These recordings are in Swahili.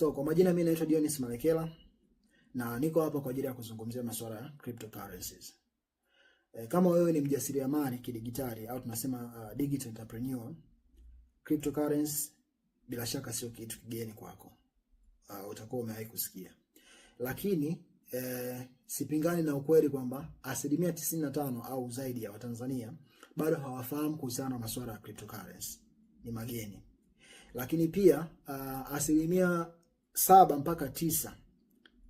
So kwa majina mimi naitwa Dionis Malekela na niko hapa kwa ajili ya kuzungumzia masuala ya cryptocurrencies. E, kama wewe ni mjasiriamali kidigitali au tunasema uh, digital entrepreneur, cryptocurrency bila shaka sio kitu kigeni kwako. Uh, utakuwa umewahi kusikia. Lakini e, sipingani na ukweli kwamba asilimia tisini au zaidi ya Watanzania bado hawafahamu kuhusiana na masuala ya cryptocurrency. Ni mageni. Lakini pia uh, asilimia saba mpaka tisa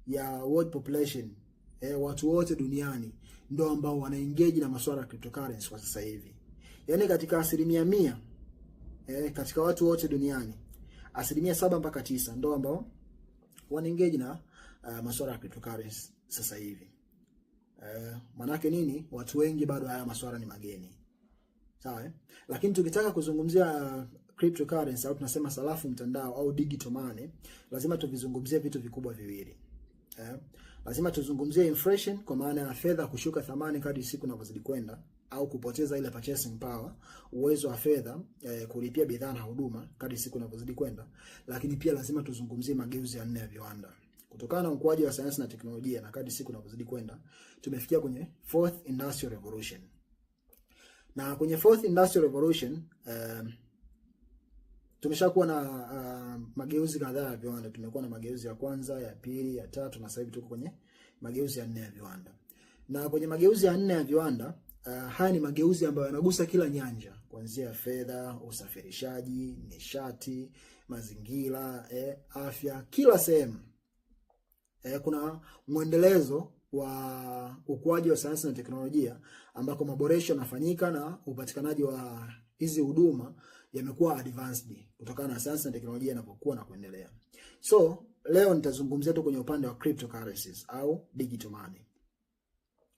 ya world population eh, watu wote duniani ndio ambao wanaengage na masuala ya cryptocurrency kwa sasa hivi. Yaani katika asilimia mia eh, katika watu wote duniani asilimia saba mpaka tisa ndio ambao wanaengage na uh, masuala ya cryptocurrency sasa hivi. Eh, manake nini? Watu wengi bado haya masuala ni mageni. Sawa, eh? Lakini tukitaka kuzungumzia cryptocurrency au tunasema sarafu mtandao au digital money, lazima tuvizungumzie vitu vikubwa viwili eh? Lazima tuzungumzie inflation kwa maana ya fedha kushuka thamani kadri siku zinavyozidi kwenda au kupoteza ile purchasing power, uwezo wa fedha eh, kulipia bidhaa na huduma kadri siku zinavyozidi kwenda, lakini pia lazima tuzungumzie mageuzi ya nne ya viwanda kutokana na ukuaji wa sayansi na teknolojia na kadri siku zinavyozidi kwenda tumefikia kwenye fourth industrial revolution, na kwenye fourth industrial revolution eh, tumeshakuwa na uh, mageuzi kadhaa ya viwanda. Tumekuwa na mageuzi ya kwanza, ya pili, ya tatu na sasa hivi tuko kwenye mageuzi ya nne ya viwanda. Na kwenye mageuzi ya nne ya viwanda uh, haya ni mageuzi ambayo yanagusa kila nyanja kuanzia fedha, usafirishaji, nishati, mazingira, eh, afya, kila sehemu. Eh, kuna mwendelezo wa ukuaji wa sayansi na teknolojia ambako maboresho yanafanyika na upatikanaji wa hizi huduma yamekuwa advanced kutokana na sayansi na teknolojia inavyokuwa na kuendelea. So leo nitazungumzia tu kwenye upande wa cryptocurrencies au digital money.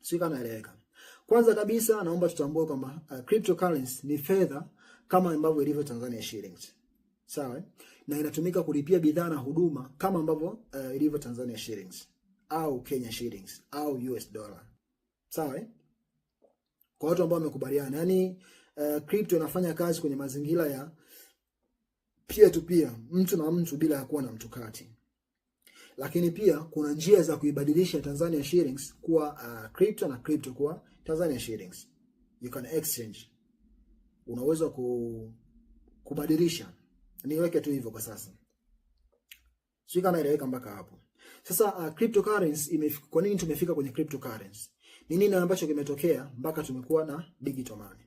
Sio kama eleweka. Kwanza kabisa naomba tutambue kwamba uh, cryptocurrency ni fedha kama ambavyo ilivyo Tanzania shillings. Sawa? Na inatumika kulipia bidhaa na huduma kama ambavyo uh, ilivyo Tanzania shillings au Kenya shillings au US dollar. Sawa? Kwa watu ambao wamekubaliana, yani uh, crypto inafanya kazi kwenye mazingira ya peer to peer, mtu na mtu bila ya kuwa na mtu kati. Lakini pia kuna njia za kuibadilisha Tanzania shillings kuwa uh, crypto na crypto kuwa Tanzania shillings. You can exchange. Unaweza ku, kubadilisha. Niweke tu hivyo kwa sasa. Sio kama ileweka mpaka hapo. Sasa uh, cryptocurrency imefika. Kwa nini tumefika kwenye cryptocurrency? Ni nini ambacho kimetokea mpaka tumekuwa na digital money?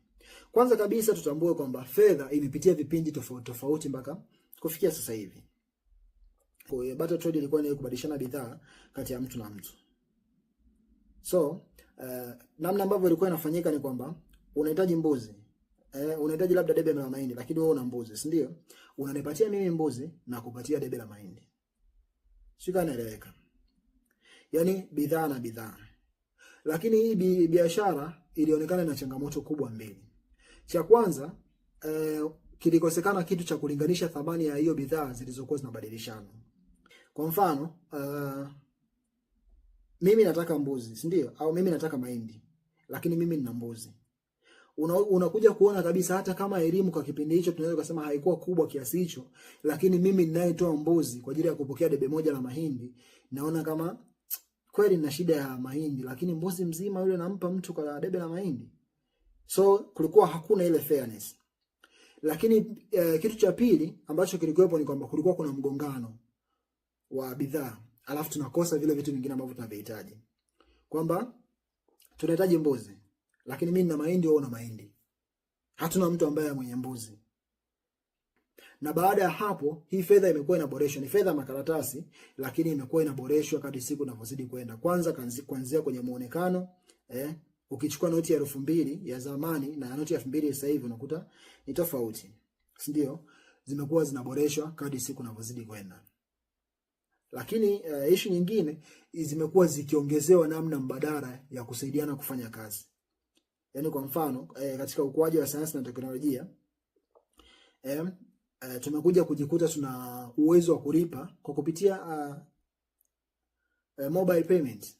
Kwanza kabisa tutambue kwamba fedha imepitia vipindi tofauti tofauti mpaka kufikia sasa hivi. Kwa hiyo barter trade ilikuwa ni kubadilishana bidhaa kati ya mtu na mtu. So, uh, namna ambavyo ilikuwa inafanyika ni kwamba unahitaji mbuzi. Eh, unahitaji labda debe la mahindi lakini wewe una mbuzi, si ndio? Unanipatia mimi mbuzi na kupatia debe la mahindi. Sika naeleweka. Yaani bidhaa na bidhaa. Lakini hii biashara ilionekana na changamoto kubwa mbili. Cha kwanza eh, kilikosekana kitu cha kulinganisha thamani ya hiyo bidhaa zilizokuwa zinabadilishana. Kwa mfano uh, mimi nataka mbuzi, si ndio? Au mimi nataka mahindi, lakini mimi nina mbuzi. Una, unakuja kuona kabisa hata kama elimu kwa kipindi hicho tunaweza kusema haikuwa kubwa kiasi hicho, lakini mimi ninayetoa mbuzi kwa ajili ya kupokea debe moja la mahindi, naona kama kweli nina shida ya mahindi, lakini mbuzi mzima yule nampa mtu kwa debe la mahindi. So kulikuwa hakuna ile fairness. Lakini eh, kitu cha pili ambacho kilikuwepo ni kwamba kulikuwa kuna mgongano wa bidhaa, alafu tunakosa vile vitu vingine ambavyo tunavihitaji, kwamba tunahitaji mbuzi, lakini mimi nina mahindi, wewe una mahindi, hatuna mtu ambaye mwenye mbuzi. Na baada ya hapo hii fedha imekuwa inaboreshwa, ni fedha makaratasi, lakini imekuwa inaboreshwa kadri siku inavyozidi kwenda, kwanza kuanzia kwenye muonekano eh, ukichukua noti ya elfu mbili ya zamani na noti ya elfu mbili sasa hivi unakuta ni tofauti, si ndio? Zimekuwa zinaboreshwa kadri siku zinavyozidi kwenda, lakini uh, eh, ishu nyingine zimekuwa zikiongezewa namna mbadala ya kusaidiana kufanya kazi. Yani kwa mfano eh, katika ukuaji wa sayansi na teknolojia eh, eh, tumekuja kujikuta tuna uwezo wa kulipa kwa kupitia uh, uh, mobile payment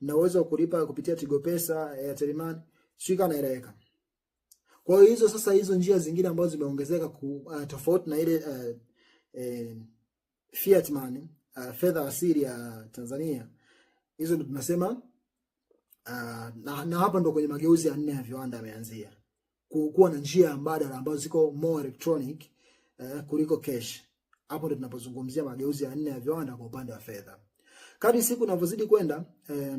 na uwezo wa kulipa kupitia Tigo Pesa, Airtel Money, sio kana inaeleweka. Kwa hiyo hizo sasa, hizo njia zingine ambazo zimeongezeka uh, tofauti na ile uh, eh, fiat money uh, fedha asili ya Tanzania, hizo ndo tunasema uh, na, na hapa ndo kwenye mageuzi ya nne ya viwanda yameanzia kuwa na njia mbadala ambazo ziko more electronic uh, kuliko cash. Hapo ndo tunapozungumzia mageuzi ya nne ya viwanda kwa upande wa fedha. Kadri siku inavyozidi kwenda eh,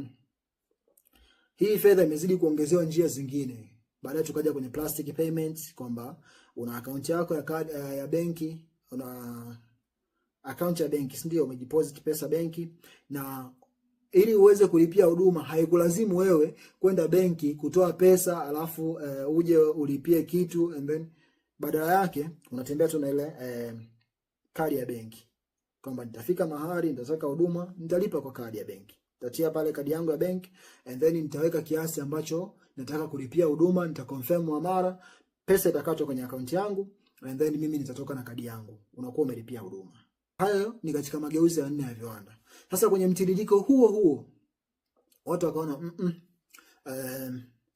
hii fedha imezidi kuongezewa njia zingine. Baadaye tukaja kwenye plastic payment, kwamba una akaunti yako ya kadi, eh, ya benki una account ya benki, si ndio? Umejiposit pesa benki, na ili uweze kulipia huduma haikulazimu wewe kwenda benki kutoa pesa alafu uh, uje ulipie kitu and then badala yake unatembea tu na ile uh, eh, kadi ya benki kwamba nitafika mahali nitataka huduma, nitalipa kwa kadi ya benki, nitatia pale kadi yangu ya benki and then nitaweka kiasi ambacho nataka kulipia huduma, nitaconfirm mara pesa itakatwa kwenye akaunti yangu and then mimi nitatoka na kadi yangu, unakuwa umelipia huduma. Hayo ni katika mageuzi ya nne ya viwanda. Sasa kwenye mtiririko huo huo watu wakaona mm -mm, uh,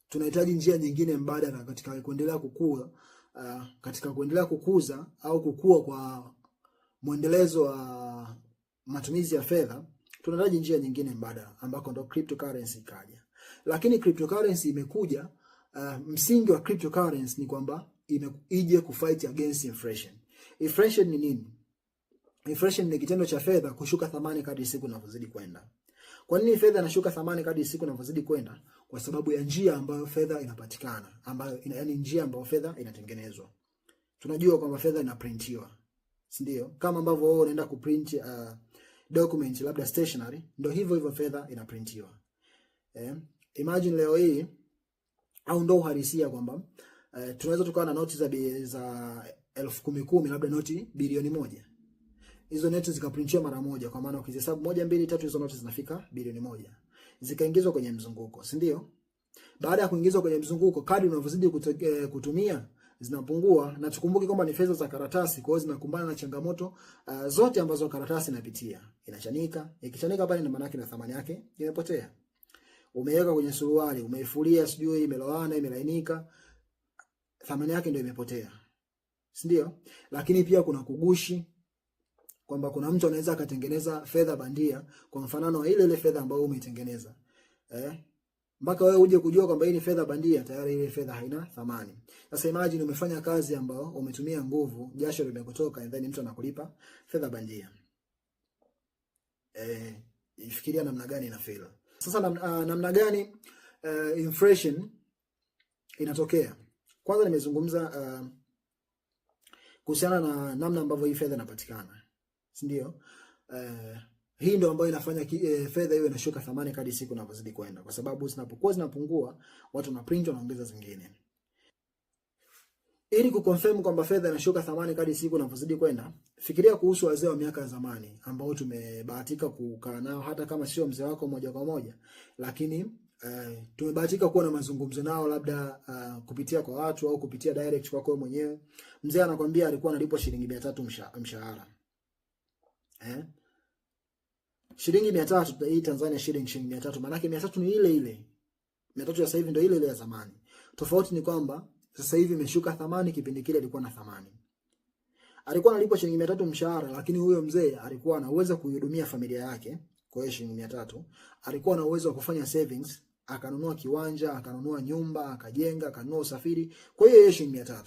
tunahitaji njia nyingine mbadala katika kuendelea kukua uh, katika kuendelea kukuza au kukua kwa mwendelezo wa matumizi ya fedha, tunahitaji njia nyingine mbadala ambako ndo cryptocurrency ikaja. Lakini cryptocurrency imekuja uh, msingi wa cryptocurrency ni kwamba ije kufight against inflation. Inflation ni nini? Inflation ni kitendo cha fedha kushuka thamani kadri siku inavyozidi kwenda. Kwa nini fedha inashuka thamani kadri siku inavyozidi kwenda? Kwa sababu ya njia ambayo fedha inapatikana, ambayo yaani njia ambayo fedha inatengenezwa. Tunajua kwamba fedha inaprintiwa si Kama ambavyo wewe unaenda kuprint uh, document labda stationary, ndo hivyo hivyo fedha inaprintiwa. Eh, imagine leo hii au ndio uhalisia kwamba uh, tunaweza tukawa na noti za bi, za elfu kumi kumi labda noti bilioni moja hizo noti zikaprintiwa mara moja, kwa maana ukizihesabu moja mbili tatu, hizo noti zinafika bilioni moja, zikaingizwa kwenye mzunguko, si ndio? Baada ya kuingizwa kwenye mzunguko, kadri unavyozidi eh, kutumia zinapungua, na tukumbuke kwamba ni fedha za karatasi, kwa hiyo zinakumbana na changamoto uh, zote ambazo karatasi inapitia, inachanika. Ikichanika pale, maana yake na thamani yake imepotea. Umeweka kwenye suruali, umeifulia, sijui imeloana, imelainika, thamani yake ndio imepotea, si ndio? Lakini pia kuna kugushi kwamba kuna mtu anaweza akatengeneza fedha bandia kwa mfanano wa ile ile fedha ambayo umeitengeneza eh mpaka wewe uje kujua kwamba hii ni fedha bandia, tayari ile fedha haina thamani. Sasa imagine umefanya kazi ambayo umetumia nguvu, jasho limekutoka, and then mtu anakulipa fedha bandia. Eh, ifikiria namna gani ina feel. Sasa nam, uh, namna gani uh, inflation inatokea? Kwanza nimezungumza uh, kuhusiana na namna ambavyo hii fedha inapatikana, si ndio? uh, eh, hii ndio ambayo inafanya e, fedha hiyo inashuka thamani kadri siku inavyozidi kwenda, kwa sababu zinapokuwa zinapungua, watu na print wanaongeza zingine. Ili kuconfirm kwamba fedha inashuka thamani kadri siku inavyozidi kwenda, fikiria kuhusu wazee wa miaka ya zamani ambao tumebahatika kukaa nao, hata kama sio mzee wako moja kwa moja, lakini e, tumebahatika kuwa na mazungumzo nao, labda uh, kupitia kwa watu au kupitia direct kwako wewe mwenyewe. Mzee anakwambia alikuwa analipwa shilingi 300 mshahara, eh Shilingi 300 hii Tanzania shilingi shilingi 300, maana yake 300 ni ile ile. 300 ya sasa hivi ndio ile ile ya zamani. Tofauti ni kwamba sasa hivi imeshuka thamani, kipindi kile ilikuwa na thamani. Alikuwa analipwa shilingi 300 mshahara, lakini huyo mzee alikuwa ana uwezo kuihudumia familia yake kwa hiyo shilingi 300. Alikuwa na uwezo wa kufanya savings, akanunua kiwanja, akanunua nyumba, akajenga, akanunua usafiri. Kwa hiyo shilingi 300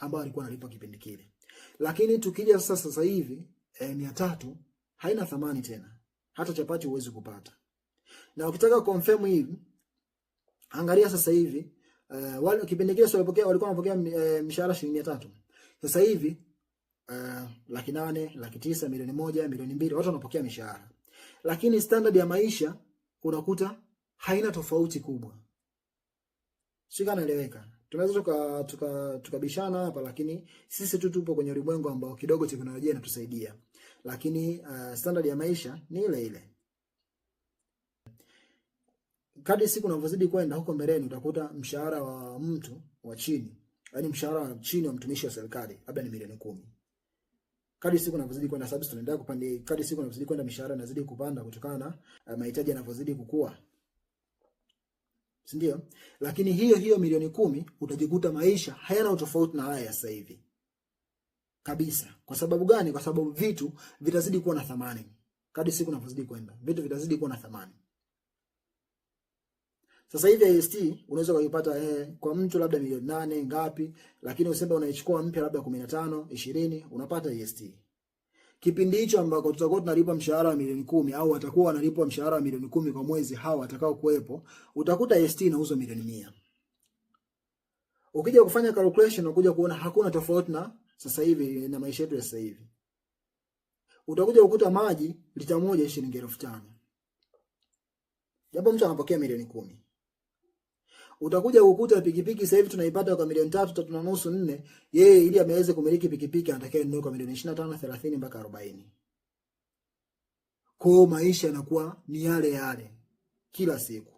ambayo alikuwa analipwa kipindi kile. Lakini tukija sasa sasa hivi eh, 300 haina thamani tena hata chapati huwezi kupata. Na ukitaka confirm hivi, angalia sasa hivi uh, wale kipindi kile walipokea walikuwa wanapokea uh, eh, mshahara shilingi mia tatu. Sasa hivi uh, laki nane, laki tisa, milioni moja, milioni mbili watu wanapokea mishahara, lakini standard ya maisha unakuta haina tofauti kubwa. Sika, naeleweka. Tunaweza tuka, tukabishana tuka hapa, lakini sisi tu tupo kwenye ulimwengu ambao kidogo teknolojia inatusaidia lakini uh, standard ya maisha ni ile ile. Kadri siku unavyozidi kwenda huko mbeleni, utakuta mshahara wa mtu wa chini, yani mshahara wa chini wa mtumishi wa serikali labda ni milioni kumi. Kadri siku unavyozidi kwenda, sababu tunaendelea kupanda, kadri siku unavyozidi kwenda, mishahara inazidi kupanda kutokana na uh, mahitaji yanavyozidi kukua, si Lakini hiyo hiyo milioni kumi utajikuta maisha hayana utofauti na haya sasa hivi kabisa. Kwa sababu gani? Kwa sababu vitu vitazidi kuwa na thamani kadri siku inavyozidi kwenda, vitu vitazidi kuwa na thamani. Sasa hivi IST unaweza kuipata eh, kwa mtu labda milioni nane ngapi, lakini usembe unaichukua mpya labda 15 20, unapata IST kipindi hicho ambako tutakuwa tunalipa mshahara wa milioni kumi au watakuwa wanalipwa mshahara wa milioni kumi kwa mwezi, hao watakao kuwepo, utakuta IST inauzwa milioni mia. Ukija kufanya calculation unakuja kuona hakuna tofauti na sasa hivi na maisha yetu ya sasa hivi, utakuja ukuta maji lita moja shilingi elfu tano japo mtu anapokea milioni kumi. Utakuja kukuta pikipiki sasa hivi tunaipata kwa milioni tatu tatu na nusu nne. Yeye ili ameweze kumiliki pikipiki anatakiwa nunue kwa milioni ishirini na tano thelathini mpaka arobaini. Kwao maisha yanakuwa ni yale yale kila siku.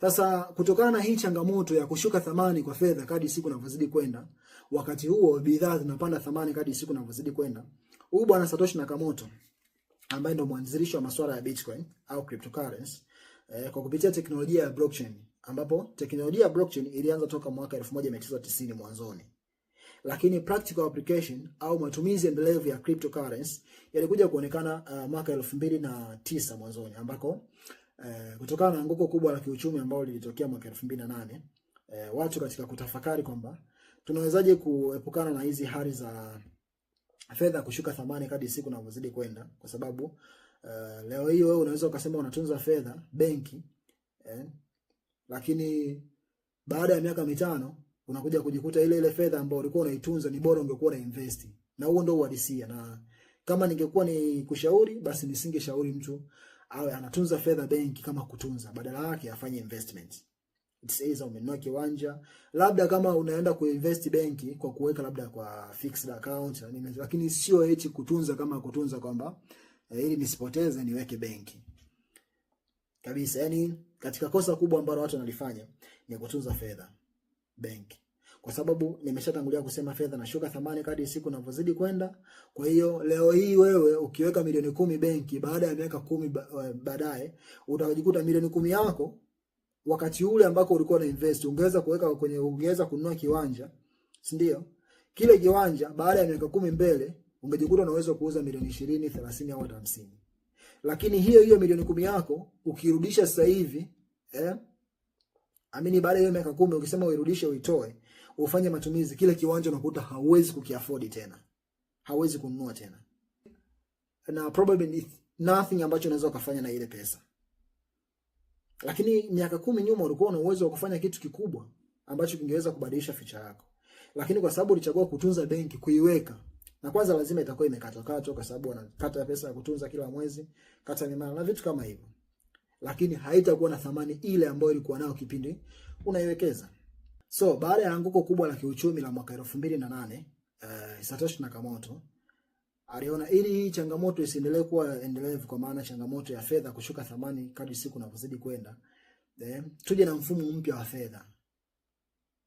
Sasa kutokana na hii changamoto ya kushuka thamani kwa fedha kadri siku inavyozidi kwenda wakati huo bidhaa zinapanda thamani kadri siku inavyozidi kwenda. Huyu bwana Satoshi Nakamoto ambaye ndo mwanzilishi wa masuala ya Bitcoin au cryptocurrency eh, kwa kupitia teknolojia ya blockchain, ambapo teknolojia ya blockchain ilianza toka mwaka 1990 mwanzoni, lakini practical application au matumizi endelevu ya cryptocurrency yalikuja kuonekana uh, mwaka na tisa mwanzoni, ambako uh, kutokana na anguko kubwa la kiuchumi ambao lilitokea mwaka 2008 uh, eh, watu katika kutafakari kwamba tunawezaje kuepukana na hizi hali za fedha kushuka thamani kadri siku inavyozidi kwenda? Kwa sababu uh, leo hii wewe unaweza ukasema unatunza fedha benki eh, lakini baada ya miaka mitano unakuja kujikuta ile ile fedha ambayo ulikuwa unaitunza ni bora ungekuwa na invest, na huo ndio uhalisia. Na kama ningekuwa ni kushauri, basi nisingeshauri mtu awe anatunza fedha benki kama kutunza, badala yake afanye investment. It's either umenunua kiwanja, labda kama unaenda kuinvest benki kwa kuweka labda kwa fixed account na nini, lakini sio eti kutunza kama kutunza kwamba eh, ili nisipoteze niweke benki kabisa. Yani katika kosa kubwa ambalo watu wanalifanya ni kutunza fedha benki kwa sababu nimeshatangulia kusema fedha nashuka thamani kadri siku inavyozidi kwenda. Kwa hiyo leo hii wewe ukiweka milioni kumi benki, baada ya miaka kumi eh, baadaye utajikuta milioni kumi yako wakati ule ambako ulikuwa na invest ungeweza kuweka kwenye, ungeweza kununua kiwanja, si ndio? Kile kiwanja baada ya miaka kumi mbele ungejikuta na uwezo kuuza milioni ishirini thelathini au hata hamsini Lakini hiyo hiyo milioni kumi yako ukirudisha sasa hivi eh, amini baada ya hiyo miaka kumi ukisema uirudishe uitoe ufanye matumizi, kile kiwanja unakuta hauwezi kukiafodi tena, hauwezi kununua tena, na probably nothing ambacho unaweza ukafanya na ile pesa. Lakini miaka kumi nyuma ulikuwa una uwezo wa kufanya kitu kikubwa ambacho kingeweza kubadilisha ficha yako. Lakini kwa sababu ulichagua kutunza benki, kuiweka na kwanza lazima itakuwa imekatwakatwa kwa sababu wanakata pesa ya kutunza kila mwezi, kata mimala na vitu kama hivyo. Lakini haitakuwa na thamani ile ambayo ilikuwa nayo kipindi unaiwekeza. So baada ya anguko kubwa la kiuchumi la mwaka 2008, uh, eh, Satoshi Nakamoto aliona ili hii changamoto isiendelee kuwa endelevu, kwa maana changamoto ya fedha kushuka thamani kadri siku inavyozidi kwenda, eh, tuje na mfumo mpya wa fedha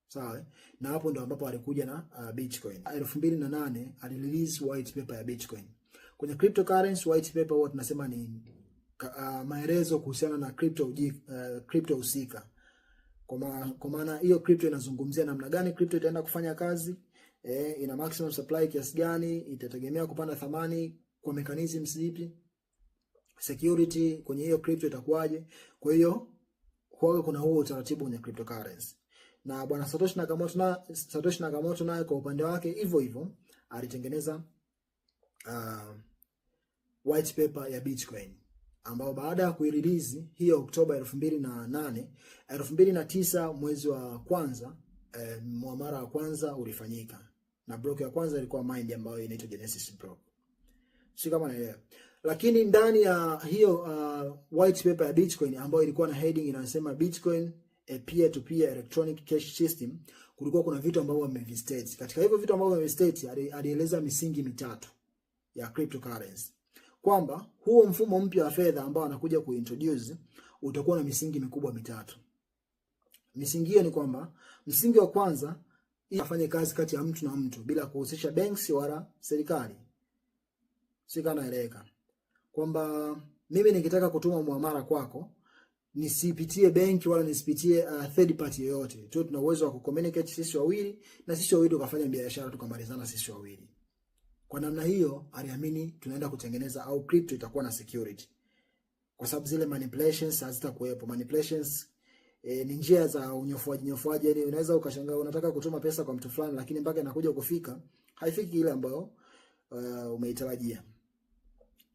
sawa. Eh? Na hapo ndo ambapo alikuja na uh, Bitcoin 2008 alirelease white paper ya Bitcoin. Kwenye cryptocurrency white paper huwa tunasema ni uh, maelezo kuhusiana na crypto uh, crypto husika, kwa maana hiyo crypto inazungumzia namna gani crypto itaenda kufanya kazi e, ina maximum supply kiasi gani, itategemea kupanda thamani kwa mechanism zipi, security kwenye hiyo crypto itakuwaje. Kwa hiyo kwa kuna huo utaratibu kwenye cryptocurrency na bwana Satoshi Nakamoto na Satoshi Nakamoto naye kwa upande wake hivyo hivyo alitengeneza uh, white paper ya Bitcoin ambao baada ya kuirelease hiyo Oktoba 2008 2009 mwezi wa kwanza eh, muamara wa kwanza ulifanyika na block ya kwanza ilikuwa mind ambayo inaitwa Genesis block, si kama naelewa. Lakini ndani ya hiyo uh, white paper ya Bitcoin ambayo ilikuwa na heading inasema Bitcoin a peer to peer electronic cash system, kulikuwa kuna vitu ambavyo wamevistate. Katika hivyo vitu ambavyo wamevistate, alieleza misingi mitatu ya cryptocurrency kwamba huo mfumo mpya wa fedha ambao anakuja kuintroduce utakuwa na misingi mikubwa mitatu. Misingi hiyo ni kwamba msingi wa kwanza ili afanye kazi kati ya mtu na mtu bila kuhusisha banks wala serikali. Sika naeleweka kwamba mimi nikitaka kutuma muamala kwako nisipitie benki wala nisipitie uh, third party yoyote tu. Tuna uwezo wa kucommunicate sisi wawili, na sisi wawili tukafanya biashara tukamalizana sisi wawili. Kwa namna hiyo, aliamini tunaenda kutengeneza au crypto itakuwa na security, kwa sababu zile manipulations hazitakuwepo. Manipulations E, ni njia za unyofuaji nyofuaji, yani unaweza ukashangaa unataka kutuma pesa kwa mtu fulani, lakini mpaka inakuja kufika haifiki ile ambayo uh, umeitarajia.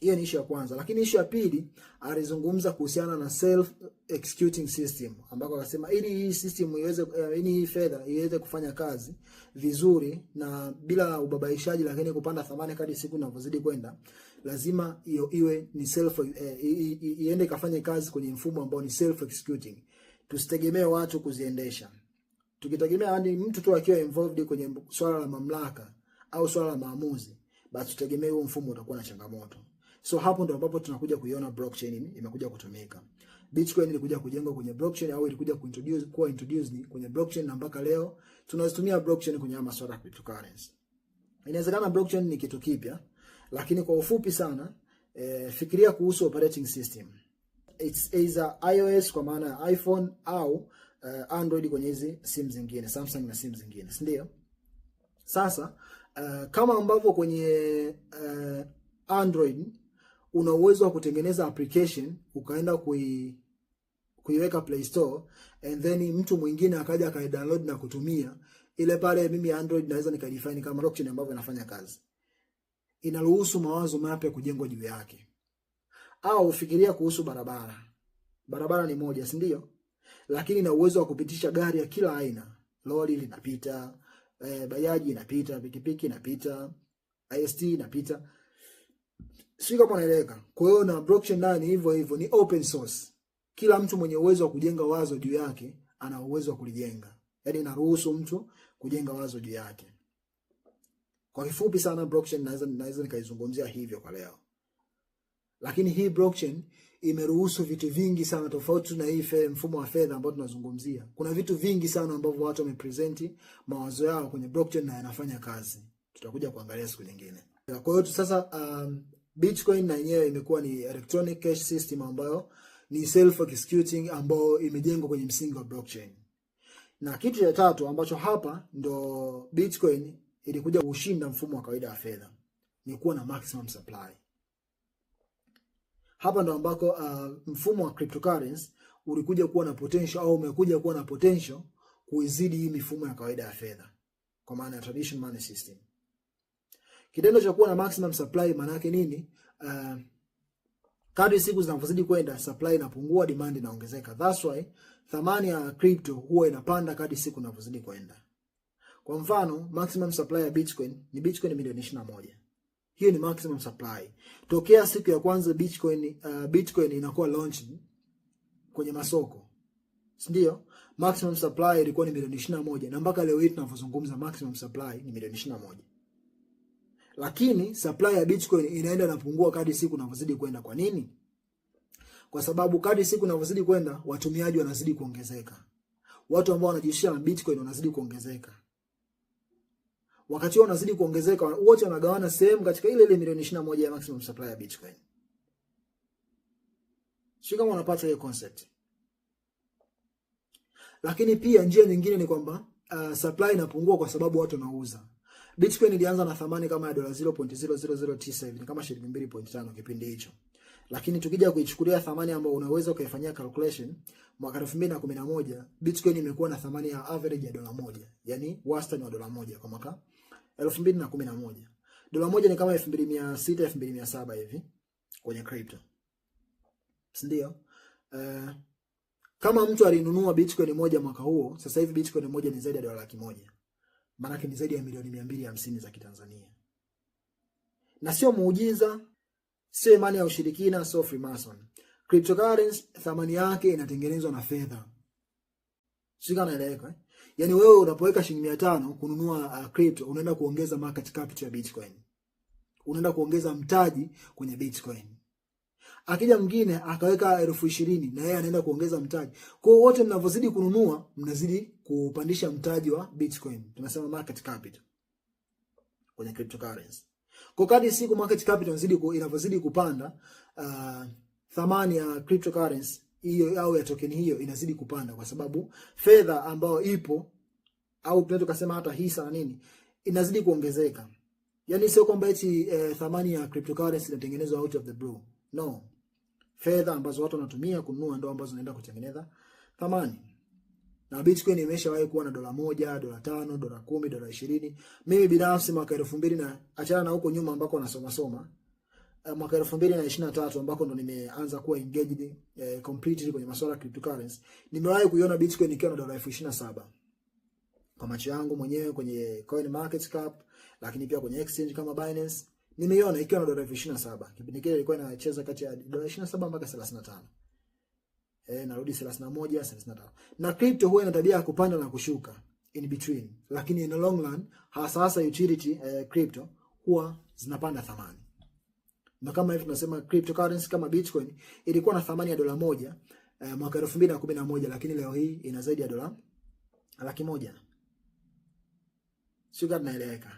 Hiyo ni issue ya kwanza, lakini issue ya pili alizungumza kuhusiana na self executing system, ambako akasema ili hii system iweze uh, ili hii fedha iweze kufanya kazi vizuri na bila ubabaishaji, lakini kupanda thamani kadri siku inavyozidi kwenda, lazima iyo iwe ni self uh, iende ikafanye kazi kwenye mfumo ambao ni self executing Tusitegemee watu kuziendesha. Tukitegemea yani mtu tu akiwa involved kwenye swala la mamlaka au swala la maamuzi, basi tutegemee huo mfumo utakuwa na changamoto. So hapo ndo ambapo tunakuja kuiona blockchain imekuja kutumika. Bitcoin ilikuja kujengwa kwenye blockchain au ilikuja kuintroduce kuwa introduced kwenye blockchain na mpaka leo tunazitumia blockchain kwenye masuala ya cryptocurrency. Inawezekana blockchain ni kitu kipya, lakini kwa ufupi sana, eh, fikiria kuhusu operating system it's either iOS kwa maana ya iPhone au uh, Android kwenye hizi simu zingine Samsung na simu zingine, si ndio? Sasa uh, kama ambavyo kwenye uh, Android una uwezo wa kutengeneza application ukaenda kui kuiweka Play Store and then mtu mwingine akaja download na kutumia ile pale, mimi Android naweza nikadefine kama blockchain ambavyo inafanya kazi, inaruhusu mawazo mapya kujengwa juu yake au fikiria kuhusu barabara. Barabara ni moja, si ndio? Lakini na uwezo wa kupitisha gari ya kila aina. Lori linapita, e, bajaji inapita, pikipiki inapita, IST inapita. Sio kama naeleka. Kwa hiyo na blockchain nayo ni hivyo hivyo, ni open source. Kila mtu mwenye uwezo wa kujenga wazo juu yake ana uwezo wa kulijenga. Yaani inaruhusu mtu kujenga wazo juu yake. Kwa kifupi sana blockchain naweza naweza nikaizungumzia hivyo kwa leo. Lakini hii blockchain imeruhusu vitu vingi sana tofauti na hii fe, mfumo wa fedha ambao tunazungumzia. Kuna vitu vingi sana ambavyo watu wamepresenti mawazo yao kwenye blockchain na yanafanya kazi. Tutakuja kuangalia siku nyingine. Kwa hiyo sasa, um, Bitcoin na yenyewe imekuwa ni electronic cash system ambayo ni self executing ambayo imejengwa kwenye msingi wa blockchain. Na kitu cha tatu ambacho hapa ndo Bitcoin ilikuja kushinda mfumo wa kawaida wa fedha ni kuwa na maximum supply. Hapa ndo ambako uh, mfumo wa cryptocurrency ulikuja kuwa na potential au umekuja kuwa na potential kuizidi hii mifumo ya kawaida ya fedha kwa maana ya traditional money system. Kitendo cha kuwa na maximum supply maana yake nini? Uh, kadri siku zinavyozidi kwenda supply inapungua, demand inaongezeka. That's why thamani ya crypto huwa inapanda kadri siku zinavyozidi kwenda. Kwa mfano, maximum supply ya Bitcoin ni Bitcoin milioni 21. Hiyo ni maximum supply. Tokea siku ya kwanza Bitcoin, uh, Bitcoin inakuwa launch kwenye masoko, si ndio? Maximum supply ilikuwa ni milioni 21 na mpaka leo hii tunavyozungumza maximum supply ni milioni 21. Lakini supply ya Bitcoin inaenda napungua kadri siku inavyozidi kwenda. Kwa nini? Kwa sababu kadri siku inavyozidi kwenda, watumiaji wanazidi kuongezeka, watu ambao wanajihusisha na Bitcoin wanazidi kuongezeka wakati wao unazidi kuongezeka, wote wanagawana sehemu katika ile ile milioni 21 ya maximum supply ya Bitcoin. Sio kama unapata hiyo concept. Lakini pia njia nyingine ni kwamba uh, supply inapungua kwa sababu watu wanauza. Bitcoin ilianza na thamani kama ya dola 0.0009 hivi, ni kama shilingi 2.5 kipindi hicho. Lakini tukija kuichukulia thamani ambayo unaweza ukaifanyia calculation, mwaka 2011 Bitcoin imekuwa na thamani ya average ya dola moja, yani wastani wa dola moja kwa mwaka 2011 elfu mbili na kumi na moja dola moja ni kama elfu mbili mia sita elfu mbili mia saba hivi kwenye crypto, sindio? Uh, kama mtu alinunua bitcoin moja mwaka huo, sasa hivi bitcoin moja ni zaidi ya dola laki moja maanake ni zaidi ya milioni mia mbili hamsini za Kitanzania. Na sio muujiza, sio imani ya ushirikina, sio Freemason. Cryptocurrency thamani yake inatengenezwa na fedha, sika naeleweka eh? Yaani wewe unapoweka shilingi tano kununua uh, crypto unaenda kuongeza market capital ya Bitcoin. Unaenda kuongeza mtaji kwenye Bitcoin. Akija mwingine akaweka elfu ishirini na yeye anaenda kuongeza mtaji. Kwa hiyo wote mnavyozidi kununua mnazidi kupandisha mtaji wa Bitcoin. Tunasema market capital kwenye cryptocurrency. Kwa kadri siku market capital inazidi inavyozidi kupanda, uh, thamani ya cryptocurrency hiyo au ya token hiyo inazidi kupanda, kwa sababu fedha ambayo ipo au tunaweza kusema hata hisa na nini inazidi kuongezeka. Yani sio kwamba eti eh, thamani ya cryptocurrency inatengenezwa out of the blue no. Fedha ambazo watu wanatumia kununua ndo ambazo zinaenda kutengeneza thamani, na Bitcoin imeshawahi kuwa na dola moja, dola tano, dola kumi, dola ishirini. Mimi binafsi mwaka elfu mbili na achana na huko nyuma ambako nasoma soma Eh, mwaka elfu mbili na na ishirini tatu ambako ndo nimeanza kuwa engaged eh, completely kwenye masuala ya cryptocurrency, nimewahi kuiona Bitcoin ikiwa na dola elfu ishirini na saba kwa macho yangu mwenyewe kwenye coin market cap, lakini pia kwenye exchange kama Binance nimeiona ikiwa na dola elfu ishirini na saba kipindi kile ilikuwa inacheza kati ya dola ishirini na saba mpaka thelathini na tano eh, narudi thelathini na moja thelathini na tano Na crypto huwa ina tabia ya kupanda na kushuka in between, lakini in the long run hasa hasa utility eh, crypto huwa zinapanda thamani na kama hivi tunasema cryptocurrency kama Bitcoin ilikuwa na thamani ya dola moja eh, mwaka elfu mbili na na kumi moja lakini leo hii ina zaidi ya dola laki moja. Sio kama inaeleweka.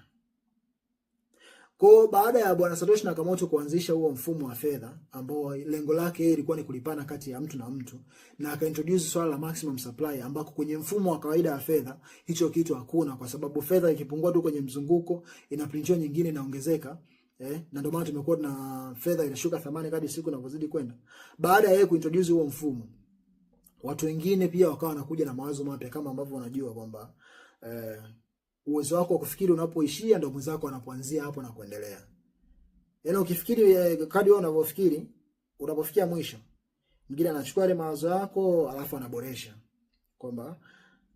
Kwa baada ya Bwana Satoshi Nakamoto kuanzisha huo mfumo wa fedha ambao lengo lake yeye ilikuwa ni kulipana kati ya mtu na mtu na akaintroduce swala la maximum supply ambako kwenye mfumo wa kawaida wa fedha hicho kitu hakuna, kwa sababu fedha ikipungua tu kwenye mzunguko inaprintiwa nyingine inaongezeka. Eh, na ndio maana tumekuwa na fedha inashuka thamani kadri siku inavyozidi kwenda. Baada ya yeye kuintroduce huo mfumo, watu wengine pia wakawa wanakuja na mawazo mapya kama ambavyo unajua kwamba eh, uwezo wako wa kufikiri unapoishia ndio mwenzako anapoanzia hapo na kuendelea. Yaani ukifikiri eh, kadri wewe unavyofikiri unapofikia mwisho, mwingine anachukua ile mawazo yako alafu anaboresha kwamba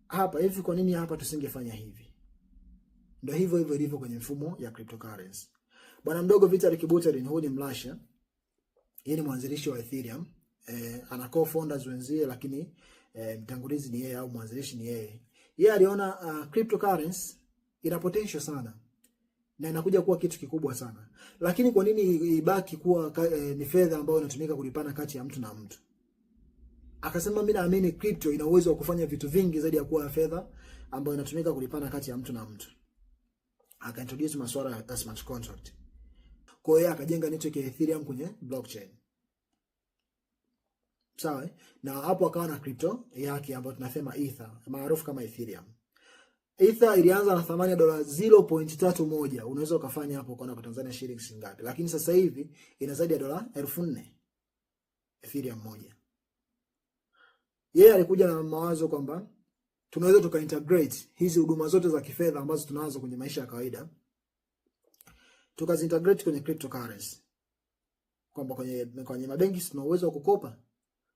hapa hivi, kwa nini hapa tusingefanya hivi? Ndio hivyo hivyo ilivyo kwenye mfumo ya cryptocurrency. Bwana mdogo Vitalik Buterin, huyu ni Mrussia, yeye ni mwanzilishi wa Ethereum eh, ana co-founders wenzie, lakini eh, mtangulizi ni yeye au mwanzilishi ni yeye. Yeye aliona uh, cryptocurrency ina potential sana na inakuja kuwa kitu kikubwa sana, lakini kwa nini ibaki kuwa eh, ni fedha ambayo inatumika kulipana kati ya mtu na mtu? Akasema mimi naamini crypto ina uwezo wa kufanya vitu vingi zaidi ya kuwa fedha ambayo inatumika kulipana kati ya mtu na mtu. Aka introduce masuala ya smart contract. Kwa hiyo akajenga network ya Ethereum kwenye blockchain. Sawa? Eh? Na hapo akawa na crypto yake ambayo tunasema Ether, maarufu kama Ethereum. Ether ilianza na thamani ya dola 0.31. Unaweza ukafanya hapo ukaona kwa Tanzania shilingi ngapi. Lakini sasa hivi ina zaidi ya dola 4000 Ethereum moja. Yeye alikuja na mawazo kwamba tunaweza tukaintegrate hizi huduma zote za kifedha ambazo tunazo kwenye maisha ya kawaida tukazintegrate kwenye cryptocurrency kwamba kwenye, kwenye mabenki tuna uwezo wa kukopa.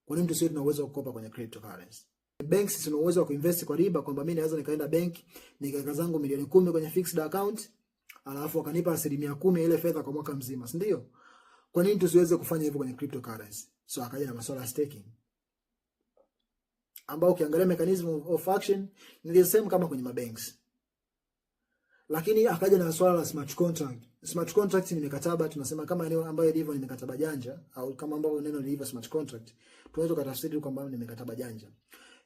Kwa nini tusiwe tuna uwezo wa kukopa kwenye cryptocurrency? Banks tuna uwezo wa kuinvest kwa riba, kwamba mimi naweza nikaenda benki nikaweka zangu milioni kumi kwenye fixed account alafu wakanipa asilimia kumi ile fedha kwa mwaka mzima, si ndio? Kwa nini tusiweze kufanya hivyo kwenye cryptocurrency? So akaja na masuala ya staking, ambao ukiangalia mechanism of action ni the same kama kwenye mabanks. Lakini akaja na swala la smart contract. Smart contract ni mikataba tunasema kama ile ambayo ilivyo ni mikataba janja au kama ambavyo neno lilivyo smart contract. Tunaweza kutafsiri kwamba ni mikataba janja.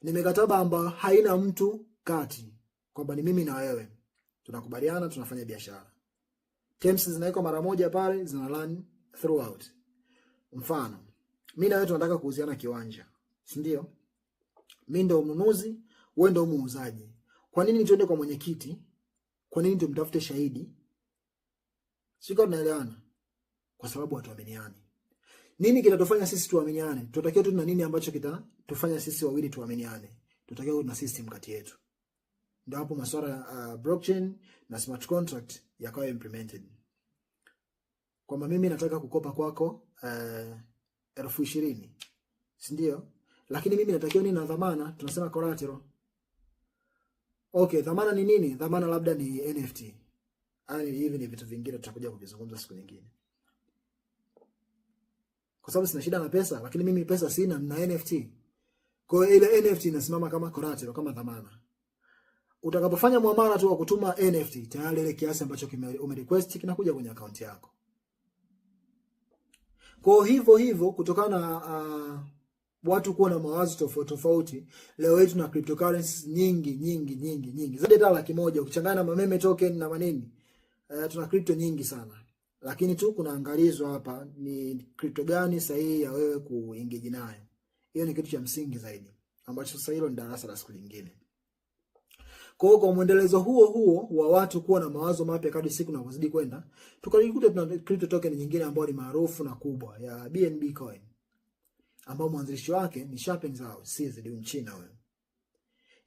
Ni mikataba ambayo haina mtu kati kwamba ni mimi na wewe. Tunakubaliana tunafanya biashara. Terms zinawekwa mara moja pale zina run throughout. Mfano, mimi na wewe tunataka kuuziana kiwanja, si ndio? Mimi ndo mnunuzi, wewe ndo muuzaji. Kwa nini tuende kwa mwenyekiti kwa nini tumtafute shahidi? Siko tunaelewana? Kwa sababu hatuaminiani. Nini kitatufanya sisi tuaminiane? Tutatakiwa tu na nini ambacho kitatufanya sisi wawili tuaminiane? Tutatakiwa kuwa na system kati yetu. Ndio hapo masuala ya uh, blockchain na smart contract yakawa implemented. Kwamba mimi nataka kukopa kwako uh, elfu ishirini. Si ndio? Lakini mimi natakiwa nini na dhamana, tunasema collateral. Okay, dhamana ni nini? Dhamana labda ni NFT. Yaani hivi ni vitu vingine tutakuja kuvizungumza siku nyingine. Kwa sababu sina shida na pesa, lakini mimi pesa sina na NFT. Kwa hiyo ile NFT inasimama kama collateral, kama dhamana. Utakapofanya muamala tu wa kutuma NFT, tayari ile kiasi ambacho umerequest kinakuja kwenye akaunti yako. Kwa hivyo hivyo kutokana na uh, watu kuwa na mawazo tofauti tofauti. Leo hii tuna cryptocurrencies nyingi nyingi nyingi nyingi, zaidi ya laki moja ukichanganya na mameme token na manini. Uh, tuna crypto nyingi sana, lakini tu kuna angalizo hapa, ni crypto gani sahihi ya wewe kuingia nayo. Hiyo ni kitu cha msingi zaidi ambacho sasa hilo ni darasa la siku nyingine. Kwa hiyo kwa mwendelezo huo huo wa watu kuwa na mawazo mapya kadri siku na kuzidi kwenda, tukajikuta tuna crypto token nyingine ambayo ni maarufu na kubwa ya BNB coin ambao mwanzilishi wake ni Shapeng Zhao, CZ, zidi Mchina huyo.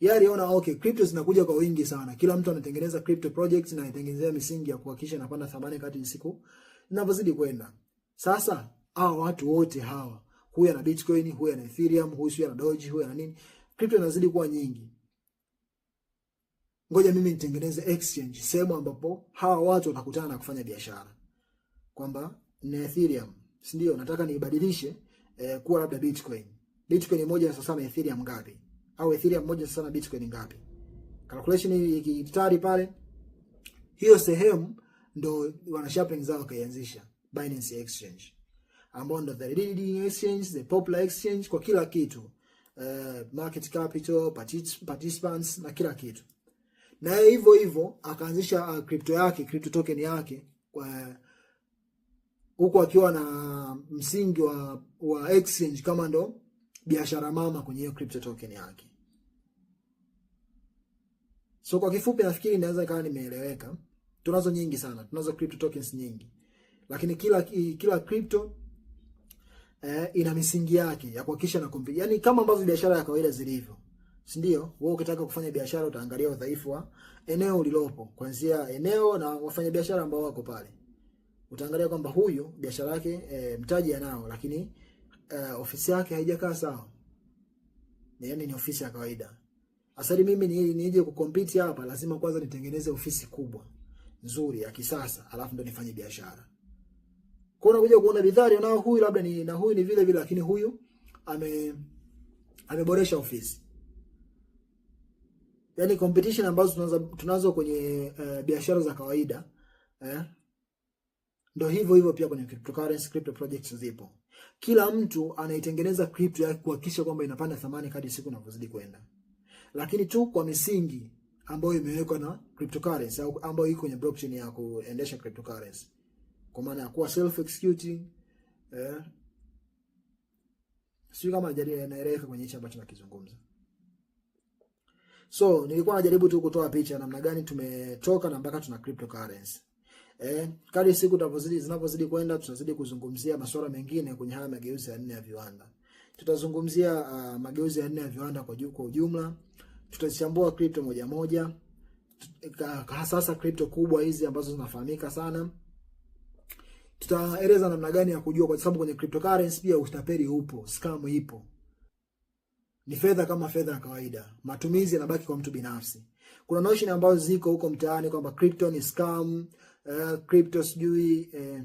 Yeye aliona okay, crypto zinakuja kwa wingi sana. Kila mtu anatengeneza crypto projects na anatengenezea misingi ya kuhakikisha inapanda thamani kadri siku zinavyozidi kwenda. Sasa hawa watu wote hawa, huyu ana Bitcoin, huyu ana Ethereum, huyu ana Doge, huyu ana nini? Crypto inazidi kuwa nyingi. Ngoja mimi nitengeneze exchange, sehemu ambapo hawa watu watakutana na kufanya biashara. Kwamba na Ethereum, si ndio? Nataka niibadilishe eh, kuwa labda Bitcoin. Bitcoin moja sasa na Ethereum ngapi? Au Ethereum moja sasa na Bitcoin ngapi? Calculation hii ikitari pale, hiyo sehemu ndo wana shopping zao kaianzisha Binance Exchange, ambao ndo the leading exchange, the popular exchange kwa kila kitu Uh, market capital, participants na kila kitu. Na hivyo hivyo akaanzisha uh, crypto yake, crypto token yake kwa huko akiwa na msingi wa, wa exchange kama ndo biashara mama kwenye hiyo crypto token yake. So kwa kifupi, nafikiri inaweza ikawa nimeeleweka. Tunazo nyingi sana, tunazo crypto tokens nyingi, lakini kila kila crypto eh, ina misingi yake ya kuhakikisha na kompiti, yani kama ambavyo biashara ya kawaida zilivyo, si ndio? Wewe ukitaka kufanya biashara utaangalia udhaifu wa eneo ulilopo, kuanzia eneo na wafanyabiashara ambao wako pale utaangalia kwamba huyu biashara yake e, mtaji anao, lakini e, ofisi yake haijakaa sawa, yani ni ofisi ya kawaida. Asali mimi ni, nije kukompiti hapa, lazima kwanza nitengeneze ofisi kubwa nzuri ya kisasa, alafu ndo nifanye biashara. Kwa hiyo unakuja kuona bidhaa nao huyu labda ni na huyu ni vile vile, lakini huyu ame ameboresha ofisi. Yaani competition ambazo tunazo, tunazo kwenye uh, biashara za kawaida eh, Ndo hivyo hivyo pia kwenye cryptocurrency, crypto projects zipo. Kila mtu anaitengeneza crypto yake kuhakikisha kwamba inapanda thamani kadri siku inavyozidi kwenda, lakini tu kwa misingi ambayo imewekwa na cryptocurrency au ambayo iko kwenye blockchain ya kuendesha cryptocurrency, kwa maana ya kuwa self executing eh. Sio kama najaribu naeleweka kwenye hicho ambacho nakizungumza. So nilikuwa najaribu tu kutoa picha namna gani tumetoka na mpaka tuna cryptocurrency. Eh, kadri siku tunapozidi zinapozidi kwenda tutazidi kuzungumzia masuala mengine kwenye haya mageuzi ya nne ya viwanda. Tutazungumzia uh, mageuzi ya nne ya viwanda kwa juu kwa ujumla. Tutachambua crypto moja moja. Sasa crypto kubwa hizi ambazo zinafahamika sana. Tutaeleza namna gani ya kujua kwa sababu kwenye cryptocurrency pia utapeli upo, scam ipo. Ni fedha kama fedha ya kawaida. Matumizi yanabaki kwa mtu binafsi. Kuna notion ambazo ziko huko mtaani kwamba crypto ni scam, Eh, crypto sijui eh,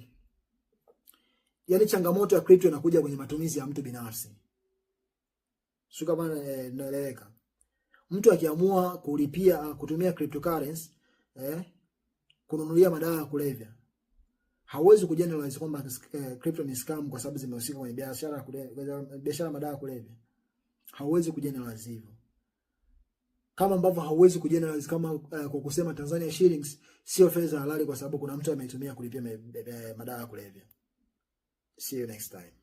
yani changamoto ya crypto inakuja kwenye matumizi ya mtu binafsi. Sio kama naeleweka. Mtu akiamua kulipia kutumia cryptocurrency eh, kununulia madawa ya kulevya hauwezi kujeneralize kwamba eh, crypto ni scam kwa sababu zimehusika kwenye biashara biashara madawa ya kulevya. Hauwezi kujeneralize hivyo kama ambavyo hauwezi kujeneralize kama uh, kwa kusema Tanzania shillings sio fedha halali, kwa sababu kuna mtu ameitumia kulipia madawa ya kulevya. See you next time.